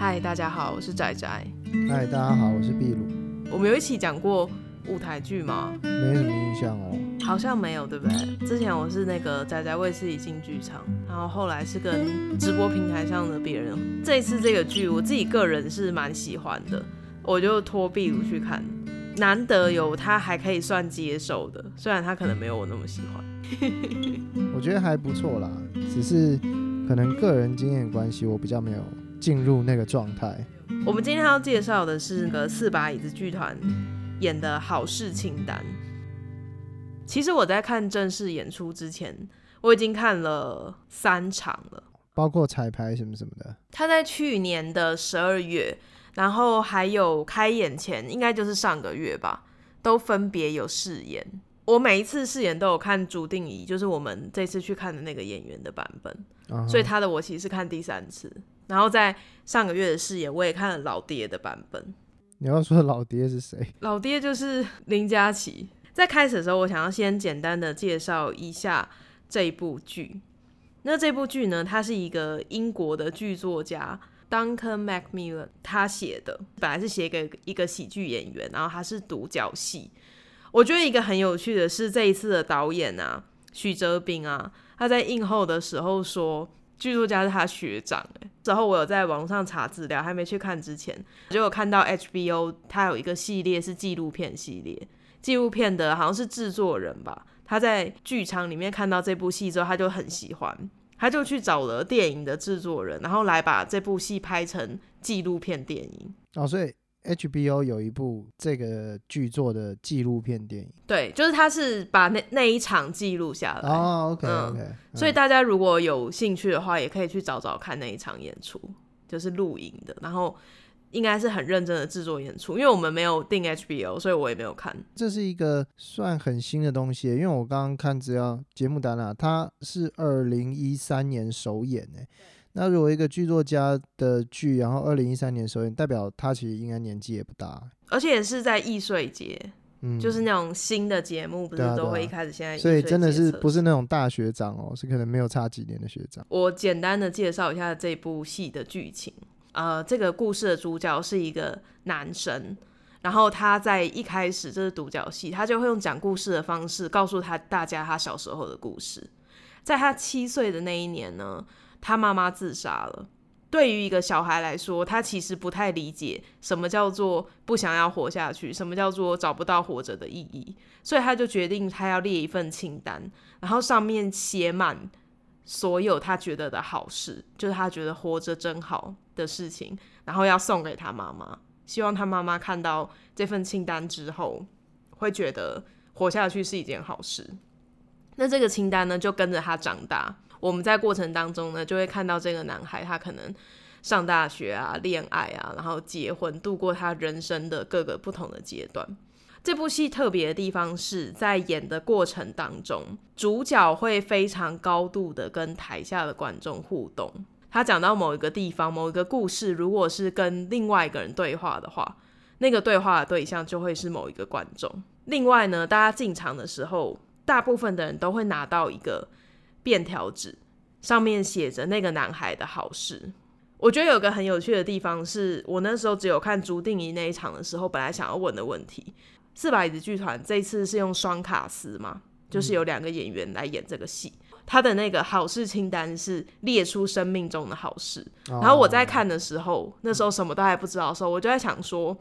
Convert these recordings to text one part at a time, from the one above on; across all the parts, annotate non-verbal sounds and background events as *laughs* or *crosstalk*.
嗨，Hi, 大家好，我是宅宅。嗨，大家好，我是秘魯。我們有一起講過舞台劇嗎？沒什麼印象哦。好像沒有，對不對？之前我是那個宅宅為自己進劇場，然後後來是跟直播平台上的別人。這次這個劇，我自己個人是蠻喜歡的，我就拖秘魯去看。嗯、難得有他還可以算接受的，雖然他可能沒有我那麼喜歡。 *laughs* 我覺得還不錯啦，只是可能個人經驗關係，我比較沒有。進入那個狀態。我們今天要介紹的是那個四把椅子劇團演的《好事清單》。其實我在看正式演出之前，我已經看了三場了，包括彩排什麼什麼，的。他在去年的十二月，然後還有開演前，應該就是上個月吧，都分別有試演。我每一次試演都有看朱定儀，就是我們這次去看的那個演員的版本，uh huh. 所以他的我其實是看第三次。然後在上個月的視野，我也看了老爹的版本。你要說的老爹是誰？老爹就是林嘉琪。在開始的時候，我想要先簡單的介紹一下這部劇。那這部劇呢，它是一個英國的劇作家 Duncan Macmillan 他寫的，本來是寫給一個喜劇演員，然後他是獨角戲。我覺得一個很有趣的是這一次的導演啊，許哲彬啊，他在映後的時候說。劇作家是他的學長欸，之後我有在網上查資料，還沒去看之前，就有看到 HBO 他有一個系列是紀錄片系列，紀錄片的好像是製作人吧，他在劇場裡面看到這部戲之後，他就很喜歡，他就去找了電影的製作人，然後來把這部戲拍成紀錄片電影啊，所以。HBO 有一部這個劇作的紀錄片電影，對，就是他是把那那一場記錄下來。哦，OK、嗯、OK、嗯、所以大家如果有興趣的話，也可以去找找看那一場演出，就是錄影的，然後應該是很認真的制作演出。因為我們沒有定 HBO，所以我也沒有看。這是一個算很新的東西，因為我剛剛看只要節目單啊，它是二零一三年首演誒、欸。那如果一個劇作家的劇，然後二零一三年首演，代表他其實應該年紀也不大，而且也是在藝穗節，嗯，就是那種新的節目，不是都會一開始現在，所以真的是不是那種大學長哦、喔，是可能沒有差幾年的學長。我簡單的介紹一下這部戲的劇情，呃，這個故事的主角是一個男生，然後他在一開始這、就是獨角戲，他就會用講故事的方式告訴他大家他小時候的故事，在他七歲的那一年呢，他媽媽自殺了。對於一個小孩來說，他其實不太理解什麼叫做不想要活下去，什麼叫做找不到活着的意義。所以他就決定，他要列一份清單，然後上面寫滿所有他覺得的好事，就是他覺得活着真好的事情，然後要送給他媽媽，希望他媽媽看到這份清單之後，會覺得活下去是一件好事。那這個清單呢，就跟着他長大。我們在過程當中呢，就會看到這個男孩，他可能上大學啊、戀愛啊，然後結婚，度過他人生的各個不同的階段。這部戲特別的地方是在演的過程當中，主角會非常高度的跟台下的觀眾互動。他講到某一個地方、某一個故事，如果是跟另外一個人對話的話，那個對話的對象就會是某一個觀眾。另外呢，大家進場的時候，大部分的人都會拿到一個。便條紙上面寫着那個男孩的好事。我覺得有個很有趣的地方是，我那時候只有看朱定儀那一場的時候，本來想要問的問題：四把椅子劇團這次是用雙卡司嘛？就是有兩個演員來演這個戲。嗯、他的那個好事清單是列出生命中的好事。然後我在看的時候，哦、那時候什麼都還不知道的時候，我就在想說，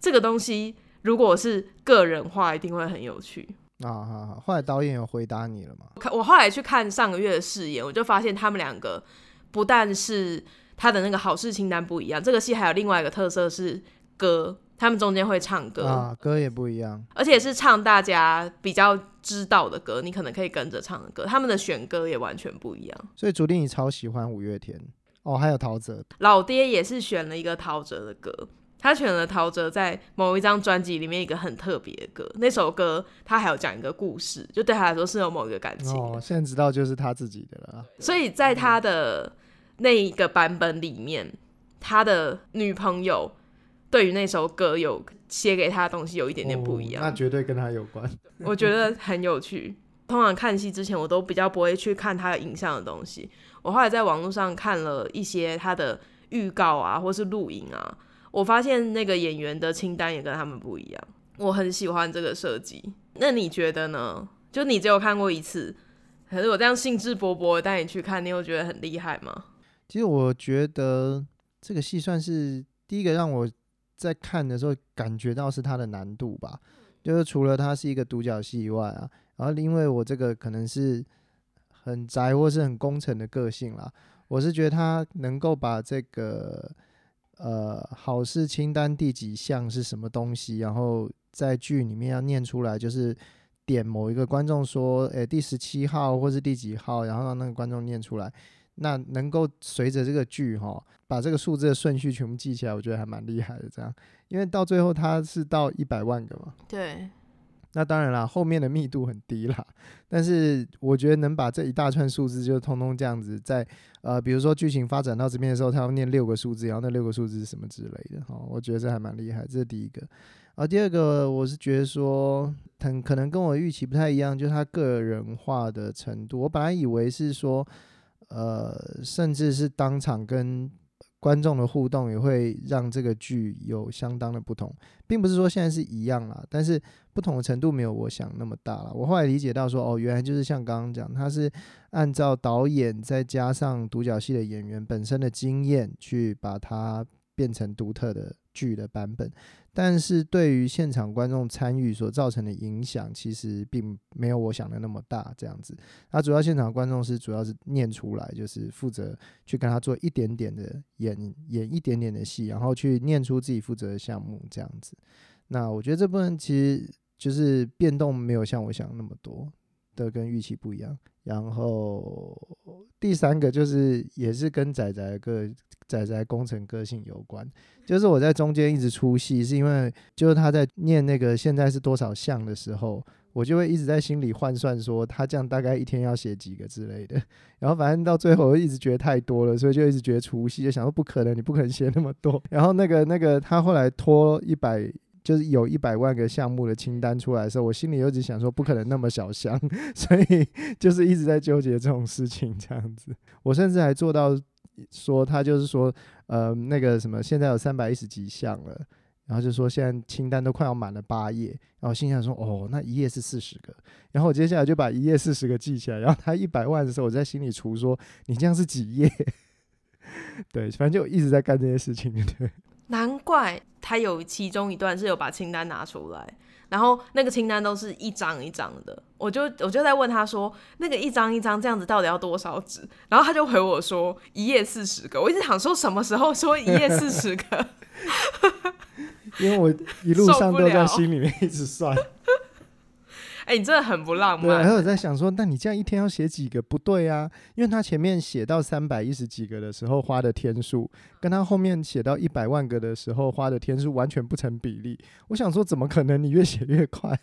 這個東西如果是個人化，一定會很有趣。好、啊、好好，後來導演有回答你了嗎？我我後來去看上個月的試演，我就發現他們兩個不但是他的那個好事清單不一樣，這個戲還有另外一個特色是歌，他們中間會唱歌啊，歌也不一樣，而且是唱大家比較知道的歌，你可能可以跟着唱的歌，他們的選歌也完全不一樣，所以注定你超喜歡五月天哦，還有陶喆，老爹也是選了一個陶喆的歌。他選了陶喆在某一張專輯裡面一個很特別的歌，那首歌他還有講一個故事，就對他來說是有某一個感情。哦，現在知道就是他自己的了。所以在他的那一個版本裡面，嗯、他的女朋友對於那首歌有寫給他的東西，有一點點不一樣、哦哦。那絕對跟他有關，我覺得很有趣。 *laughs* 通常看戲之前，我都比較不會去看他的影像的東西。我後來在網絡上看了一些他的預告啊，或是錄影啊。我發現那個演員的清單也跟他們不一樣，我很喜歡這個設計。那你覺得呢？就你只有看過一次，可是我這樣興致勃勃地帶你去看，你又覺得很厲害嗎？其實我覺得這個戲算是第一個讓我在看的時候感覺到是它的難度吧。就是除了它是一個獨角戲以外啊，然後因為我這個可能是很宅或是很工程的個性啦，我是覺得他能夠把這個。呃，好事清單第幾項是什麼東西？然後在劇裡面要念出來，就是點某一個觀眾說，誒，第十七號或是第幾號，然後讓那個觀眾念出來。那能夠隨着這個劇哈、哦，把這個數字的順序全部記起來，我覺得還蠻厲害的。這樣，因為到最後他是到一百萬個嘛。對。那當然啦，後面的密度很低啦。但是我覺得能把這一大串數字就通通這樣子在，呃，比如說劇情發展到這邊的時候，他要念六個數字，然後那六個數字是什麼之類的，哦，我覺得這還蠻厲害。這是第一個，啊，第二個我是覺得說，很可能跟我預期不太一樣，就是他個人化的程度。我本來以為是說，呃，甚至是當場跟。觀眾的互動也會讓這個劇有相當的不同，並不是說現在是一樣啦，但是不同的程度沒有我想那麼大啦。我後來理解到說，哦，原來就是像剛剛講，他是按照導演再加上獨角戲的演員本身的經驗去把它。變成獨特的劇的版本，但是對於現場觀眾參與所造成的影響，其實並沒有我想的那麼大。這樣子，那、啊、主要現場觀眾是主要是念出來，就是負責去跟他做一點點的演演一點點的戲，然後去念出自己負責的項目這樣子。那我覺得這部分其實就是變動沒有像我想那麼多的，跟預期不一樣。然後第三個就是也是跟仔仔個。仔仔工程個性有關，就是我在中間一直出戲，是因為就是他在念那個現在是多少項的時候，我就會一直在心裡換算說他這樣大概一天要寫幾個之類的，然後反正到最後我一直覺得太多了，所以就一直覺得出戲，就想說不可能，你不可能寫那麼多。然後那個那個他後來拖一百，就是有一百萬個項目的清單出來的時候，我心裡又一直想說不可能那麼小項，所以就是一直在糾結這種事情這樣子，我甚至還做到。說他就是說，呃，那個什麼，現在有三百一十幾項了，然後就說現在清單都快要滿了八頁，然後心想說，哦，那一頁是四十個，然後我接下來就把一頁四十個記起來，然後他一百萬的時候，我在心裡除說，你這樣是幾頁？對，反正就一直在幹這些事情。對，難怪他有其中一段是有把清單拿出來。然後那個清單都是一張一張的，我就我就在問他說，那個一張一張這樣子到底要多少紙？然後他就回我說，一頁四十個。我一直想說，什麼時候說一頁四十個？ *laughs* *laughs* 因為我一路上都在心裡面一直算不。 *laughs* 哎、欸，你真的很不浪漫。我還有在想說，那你這樣一天要寫幾個？不對啊，因為他前面寫到三百一十幾個的時候花的天數，跟他後面寫到一百萬個的時候花的天數完全不成比例。我想說，怎麼可能你越寫越快？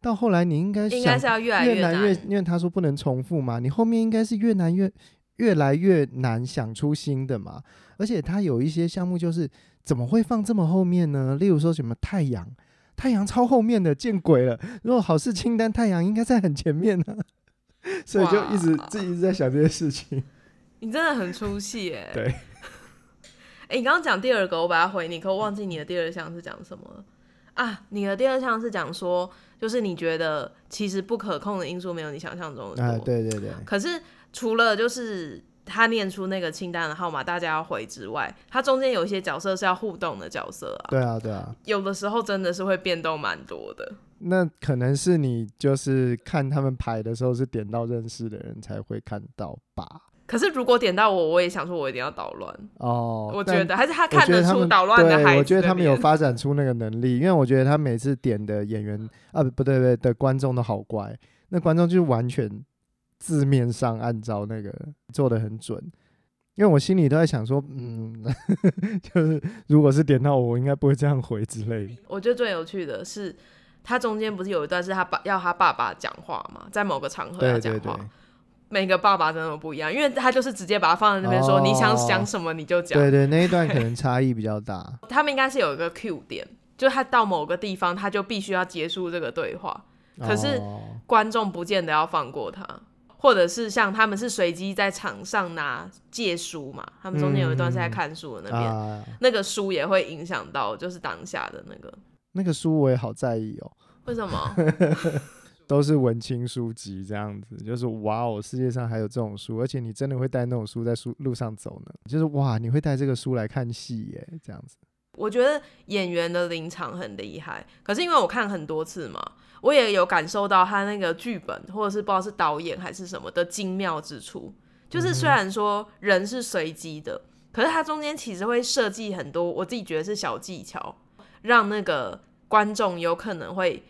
到後來你應該應該是要越來越，因為他說不能重複嘛，你後面應該是越難越越來越難想出新的嘛。而且他有一些項目就是怎麼會放這麼後面呢？例如說什麼太陽。太陽超後面的，見鬼了！如果好事清單，太陽應該在很前面呢、啊， *laughs* 所以就一直哇自己一直在想這些事情。你真的很出戲耶，欸。 *laughs* 對。哎，欸，你剛剛講第二個，我把它回你，可我忘記你的第二項是講什麼啊？你的第二項是講說，就是你覺得其實不可控的因素沒有你想象中的多，啊。對對對。可是除了就是。他念出那個清單的號碼，大家要回之外，他中間有一些角色是要互動的角色啊。對啊，對啊。有的時候真的是會變動蠻多的。那可能是你就是看他們牌的時候，是點到認識的人才會看到吧？可是如果點到我，我也想說，我一定要搗亂哦。我覺得但還是他看得出得搗亂的孩子的。我覺得他們有發展出那個能力， *laughs* *laughs* 因為我覺得他每次點的演員啊，不對不對，對的觀眾都好乖，那觀眾就完全。字面上按照那個做得很準，因為我心裡都在想說，嗯，呵呵就是如果是點到我，我應該不會這樣回之類。我覺得最有趣的是，他中間不是有一段是他爸要他爸爸講話嘛，在某個場合他講話，對對對，每個爸爸真的不一樣，因為他就是直接把他放在那邊說，哦、你想講什麼你就講。對，對對，那一段可能差異比較大。 *laughs* 他們應該是有一個 Q 點，就他到某個地方他就必須要結束這個對話，哦、可是觀眾不見得要放過他。或者是像他們是隨機在場上拿借書嘛，他們中間有一段是在看書的那邊，嗯啊、那個書也會影響到就是當下的那個那個書我也好在意哦、喔，為什麼？ *laughs* 都是文青書籍這樣子，就是哇哦，世界上還有這種書，而且你真的會帶那種書在書路上走呢，就是哇，你會帶這個書來看戲耶、欸，這樣子。我覺得演員的臨場很厲害，可是因為我看很多次嘛，我也有感受到他那個劇本或者是不知道是導演還是什麼的精妙之處。就是雖然說人是隨機的，嗯、可是他中間其實會設計很多，我自己覺得是小技巧，讓那個觀眾有可能會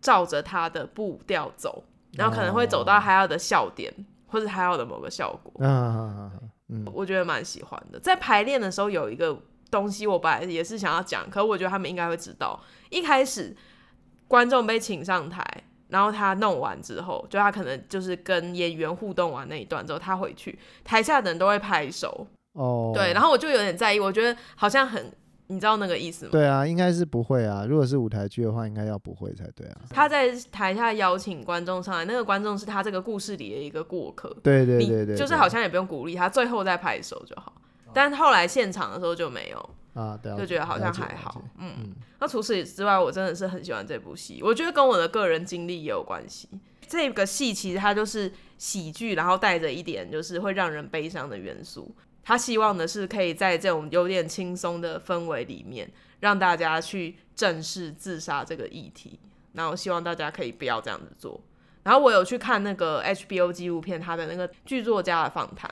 照着他的步調走，然後可能會走到他要的笑點、啊、或者他要的某個效果。嗯嗯、啊、嗯，我覺得蠻喜歡的。在排練的時候有一個。東西我本來也是想要講，可是我覺得他們應該會知道。一開始觀眾被請上台，然後他弄完之後，就他可能就是跟演員互動完那一段之後，他回去台下的人都會拍手。哦，oh. 對，然後我就有點在意，我覺得好像很，你知道那個意思嗎？對啊，應該是不會啊。如果是舞台劇的話，應該要不會才對啊。他在台下邀請觀眾上來，那個觀眾是他這個故事裡的一個過客。對對對，對對對對，就是好像也不用鼓勵他，最後再拍手就好。但後來現場的時候就沒有啊，對就覺得好像還好，嗯。嗯，那除此之外，我真的是很喜歡這部戲，我覺得跟我的個人經歷也有關係。這個戲其實它就是喜劇，然後帶着一點就是會讓人悲傷的元素。他希望的是可以在這種有點輕鬆的氛圍裡面，讓大家去正視自殺這個議題，然後我希望大家可以不要這樣子做。然後我有去看那個 HBO 紀錄片，他的那個劇作家的訪談。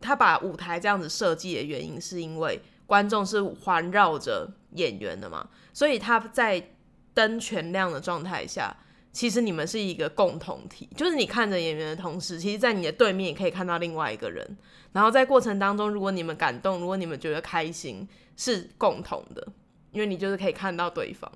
他把舞台這樣子設計的原因，是因為觀眾是環繞着演員的嘛，所以他在燈全亮的狀態下，其實你們是一個共同體，就是你看着演員的同時，其實，在你的對面也可以看到另外一個人。然後在過程當中，如果你們感動，如果你們覺得開心，是共同的，因為你就是可以看到對方。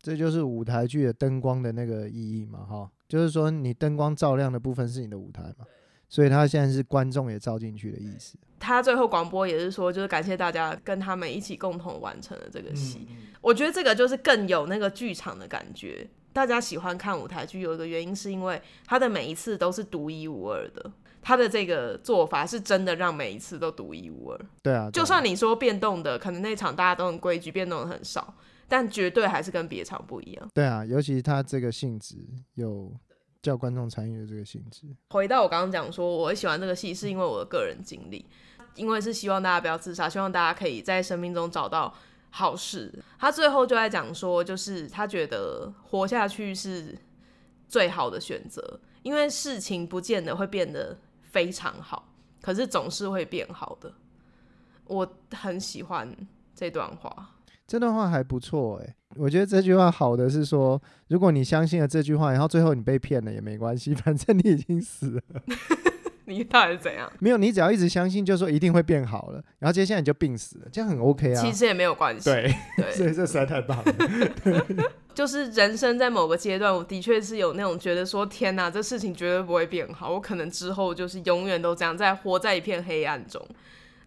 這就是舞台劇的燈光的那個意義嘛，哈，就是說你燈光照亮的部分是你的舞台嘛。所以他現在是觀眾也照進去的意思。他最後廣播也是說，就是感謝大家跟他們一起共同完成了這個戲。嗯，我覺得這個就是更有那個劇場的感覺。大家喜歡看舞台劇，有一個原因是因為他的每一次都是獨一無二的。他的這個做法是真的讓每一次都獨一無二。對啊，對啊，就算你說變動的，可能那場大家都很規矩，變動的很少，但絕對還是跟別場不一樣。對啊，尤其他這個性質有。叫觀眾參與的這個性質。回到我剛剛講說，我喜歡這個戲是因為我的個人經歷，因為是希望大家不要自殺，希望大家可以在生命中找到好事。他最後就在講說，就是他覺得活下去是最好的選擇，因為事情不見得會變得非常好，可是總是會變好的。我很喜歡這段話，這段話還不錯誒、欸。我覺得這句話好的是說，如果你相信了這句話，然後最後你被騙了也沒關係，反正你已經死了。 *laughs* 你到底是怎樣？沒有，你只要一直相信，就說一定會變好了，然後接下來你就病死了，這樣很 OK 啊，其實也沒有關係。對，對，所以這實在太棒了。 *laughs* 對就是人生在某個階段，我的確是有那種覺得說，天哪、啊，這事情絕對不會變好，我可能之後就是永遠都這樣在活在一片黑暗中。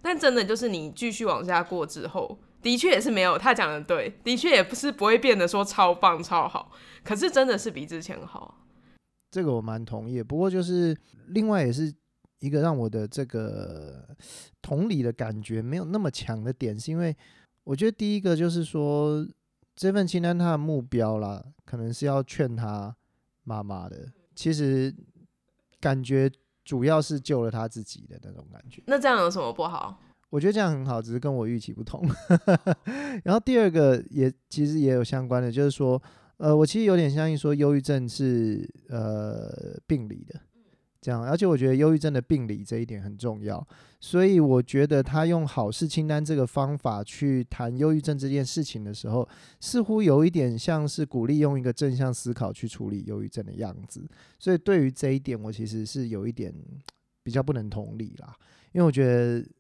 但真的就是你繼續往下過之後。的確也是沒有，他講的對，的確也不是不會變得說超棒超好，可是真的是比之前好。這個我蠻同意，不過就是另外也是一個讓我的這個同理的感覺沒有那麼強的點，是因為我覺得第一個就是說這份清單他的目標啦，可能是要勸他媽媽的，其實感覺主要是救了他自己的那種感覺。那這樣有什麼不好？我覺得這樣很好，只是跟我預期不同。 *laughs* 然後第二個也其實也有相關的，就是說，呃，我其實有點相信說憂鬱症是呃病理的這樣，而且我覺得憂鬱症的病理這一點很重要。所以我覺得他用好事清單這個方法去談憂鬱症這件事情的時候，似乎有一點像是鼓勵用一個正向思考去處理憂鬱症的樣子。所以對於這一點，我其實是有一點比較不能同理啦，因為我覺得。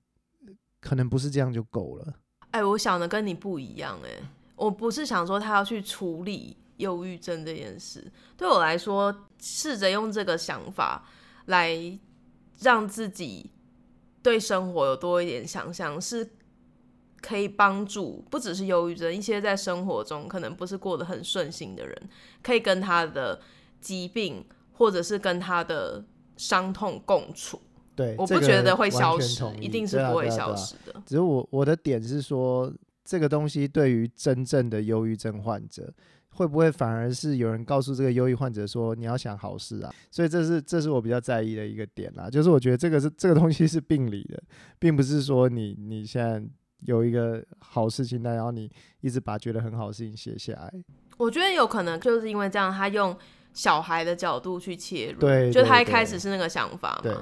可能不是這樣就夠了。哎，我想的跟你不一樣，欸。誒，我不是想說他要去處理憂鬱症這件事。對我來說，試着用這個想法來讓自己對生活有多一點想象，是可以幫助不只是憂鬱症一些在生活中可能不是過得很順心的人，可以跟他的疾病或者是跟他的傷痛共處。對，我不覺得會消失，一定是不會消失的。對啊對啊對啊，只是我我的點是說，這個東西對於真正的憂鬱症患者，會不會反而是有人告訴這個憂鬱患者說你要想好事啊？所以這是這是我比較在意的一個點啦，就是我覺得這個是這個東西是病理的，並不是說你你現在有一個好事情，但然後你一直把覺得很好的事情寫下來。我覺得有可能就是因為這樣，他用小孩的角度去切入，對對對，就是他一開始是那個想法嘛。對。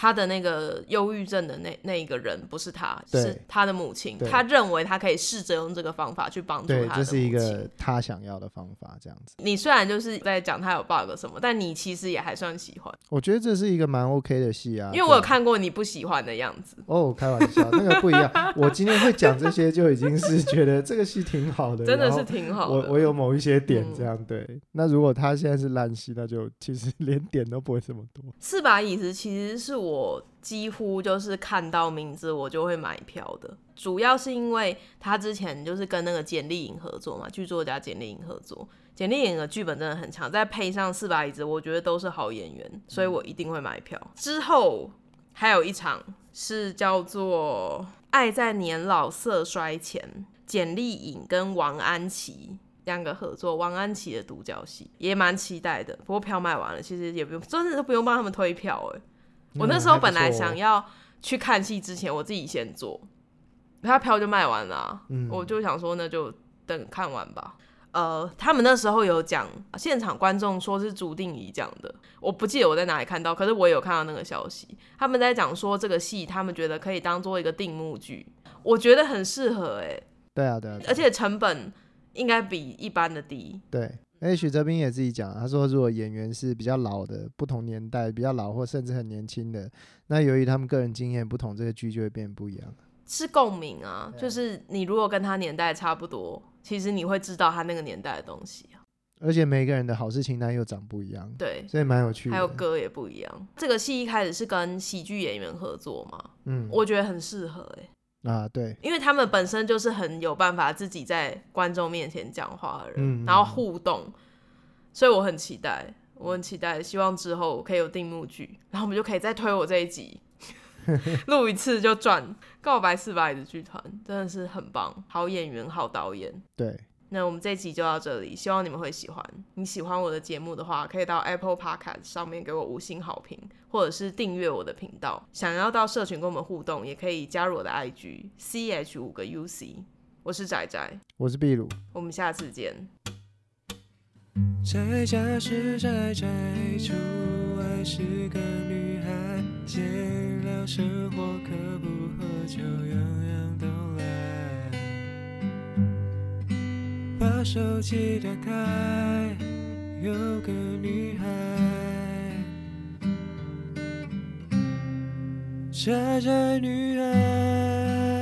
他的那個憂鬱症的那那一個人不是他，對是他的母親。對他認為他可以試着用這個方法去幫助他。對，這是一個他想要的方法，這樣子。你雖然就是在講他有 bug 什麼，但你其實也還算喜歡。我覺得這是一個蠻 OK 的戲啊，因為我有看過你不喜歡的樣子。哦，oh, 開玩笑，那個不一樣。 *laughs* 我今天會講這些，就已經是覺得這個戲挺好的，真的是挺好的。我我有某一些點這樣、嗯、對。那如果他現在是爛戲，那就其實連點都不會這麼多。四把椅子其實是我。我幾乎就是看到名字我就會買票的，主要是因為他之前就是跟那個簡莉穎合作嘛，劇作家簡莉穎合作，簡莉穎的劇本真的很強，再配上四把椅子，我覺得都是好演員，所以我一定會買票。嗯、之後還有一場是叫做《愛在年老色衰前》，簡莉穎跟王安琪兩個合作，王安琪的獨角戲也蠻期待的，不過票賣完了，其實也不用，真的都不用幫他們推票、欸我那時候本來想要去看戲，之前我自己先做，他票、嗯、就賣完了。嗯、我就想說，那就等看完吧。呃，他們那時候有講，現場觀眾說是朱定儀講的，我不記得我在哪裡看到，可是我也有看到那個消息。他們在講說這個戲，他們覺得可以當做一個定目劇，我覺得很適合哎、欸。對啊，對啊，啊、而且成本應該比一般的低。對。哎，許哲斌也自己講，他說如果演員是比較老的，不同年代比較老，或甚至很年輕的，那由於他們個人經驗不同，這個劇就會變不一樣。是共鳴啊，對就是你如果跟他年代差不多，其實你會知道他那個年代的東西啊，而且每個人的好事清單又長不一樣，對，所以蠻有趣的。還有歌也不一樣。這個戲一開始是跟喜劇演員合作嘛？嗯，我覺得很適合欸啊，對，因為他們本身就是很有辦法自己在觀眾面前講話的人，嗯、然後互動，嗯、所以我很期待，我很期待，希望之後可以有定目劇，然後我們就可以再推我這一集， *laughs* 錄一次就賺。 *laughs* 告白四百的劇團真的是很棒，好演員，好導演，對。那我們這期就到這裡，希望你們會喜歡。你喜歡我的節目的話，可以到 Apple Podcast 上面給我五星好評，或者是訂閱我的頻道。想要到社群跟我們互動，也可以加入我的 IG ch 五個 uc。我是宅宅，我是秘魯，我們下次見。把手機打開，有個女孩，宅宅女孩。